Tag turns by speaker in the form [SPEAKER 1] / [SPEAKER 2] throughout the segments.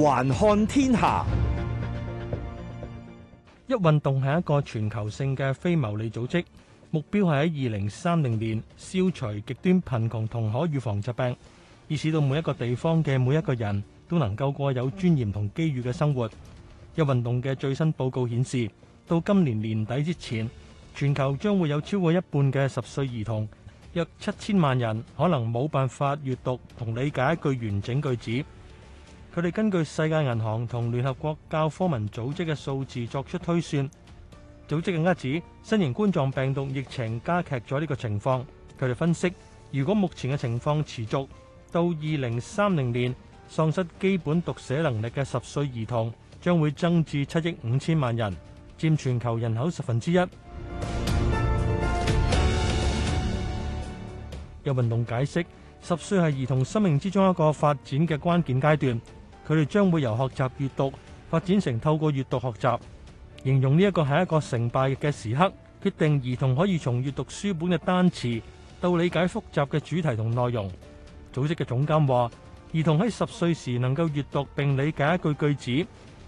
[SPEAKER 1] 還看天下。一運動係一個全球性嘅非牟利組織，目標係喺二零三零年消除極端貧窮同可預防疾病，以使到每一個地方嘅每一個人都能夠過有尊嚴同機遇嘅生活。一運動嘅最新報告顯示，到今年年底之前，全球將會有超過一半嘅十歲兒童，約七千萬人，可能冇辦法閱讀同理解一句完整句子。佢哋根據世界銀行同聯合國教科文組織嘅數字作出推算，組織亦指新型冠狀病毒疫情加劇咗呢個情況。佢哋分析，如果目前嘅情況持續到二零三零年，喪失基本讀寫能力嘅十歲兒童將會增至七億五千萬人，佔全球人口十分之一。有運動解釋，十歲係兒童生命之中一個發展嘅關鍵階段。佢哋將會由學習閱讀發展成透過閱讀學習，形容呢一個係一個成敗嘅時刻，決定兒童可以從閱讀書本嘅單詞到理解複雜嘅主題同內容。組織嘅總監話：兒童喺十歲時能夠閱讀並理解一句句子，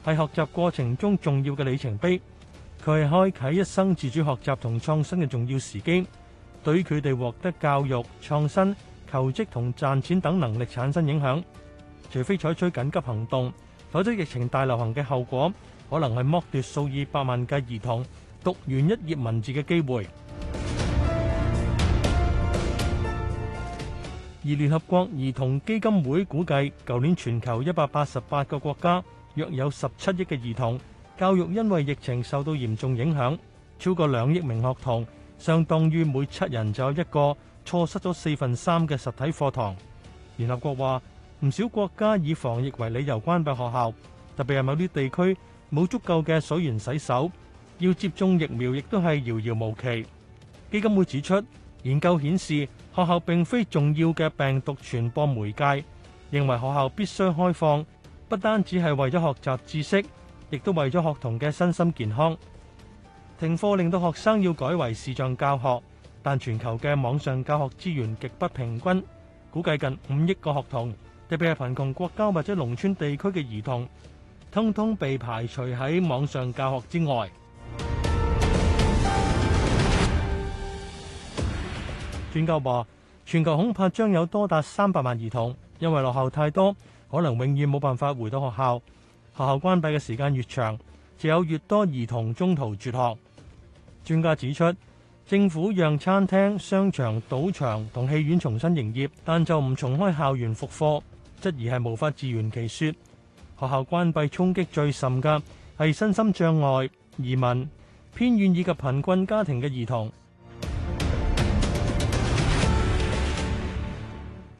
[SPEAKER 1] 係學習過程中重要嘅里程碑。佢係開啟一生自主學習同創新嘅重要時機，對佢哋獲得教育、創新、求職同賺錢等能力產生影響。除非採取緊急行動，否則疫情大流行嘅後果可能係剝奪數以百萬計兒童讀完一頁文字嘅機會。而聯合國兒童基金會估計，舊年全球一百八十八個國家，約有十七億嘅兒童教育因為疫情受到嚴重影響，超過兩億名學童，相當於每七人就有一個錯失咗四分三嘅實體課堂。聯合國話。唔少國家以防疫為理由關閉學校，特別係某啲地區冇足夠嘅水源洗手，要接種疫苗亦都係遙遙無期。基金會指出，研究顯示學校並非重要嘅病毒傳播媒介，認為學校必須開放，不單止係為咗學習知識，亦都為咗學童嘅身心健康。停課令到學生要改為視像教學，但全球嘅網上教學資源極不平均，估計近五億個學童，特別係貧窮國家或者農村地區嘅兒童，通通被排除喺網上教學之外。 專家話，全球恐怕將有多達三百萬兒童，因為落後太多，可能永遠冇辦法回到學校。學校關閉嘅時間越長，就有越多兒童中途輟學。專家指出，政府讓餐廳、商場、賭場同戲院重新營業，但就唔重開校園復課。質疑係無法自圓其說。學校關閉衝擊最甚噶係身心障礙、移民、偏遠以及貧困家庭嘅兒童。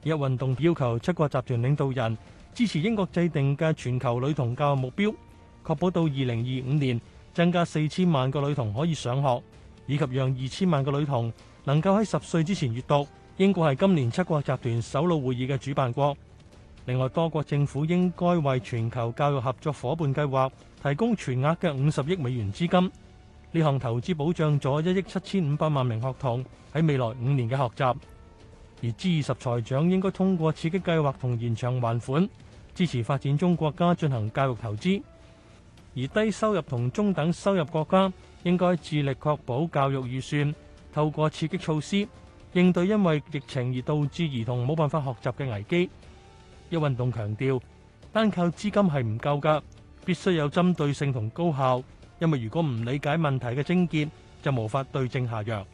[SPEAKER 1] 一日運動要求七國集團領導人支持英國制定嘅全球女童教育目標，確保到二零二五年增加四千萬個女童可以上學，以及讓二千萬個女童能夠喺十歲之前閱讀。英國係今年七國集團首腦會議嘅主辦國。另外，多國政府應該為全球教育合作伙伴計劃提供全額嘅五十億美元資金。呢項投資保障咗一億七千五百萬名學童喺未來五年嘅學習。而 G 二十財長應該通過刺激計劃同延長還款，支持發展中國家進行教育投資。而低收入同中等收入國家應該致力確保教育預算，透過刺激措施應對因為疫情而導致兒童冇辦法學習嘅危機。有運動強調，單靠資金係唔夠㗎，必須有針對性同高效。因為如果唔理解問題嘅症結，就無法對症下藥。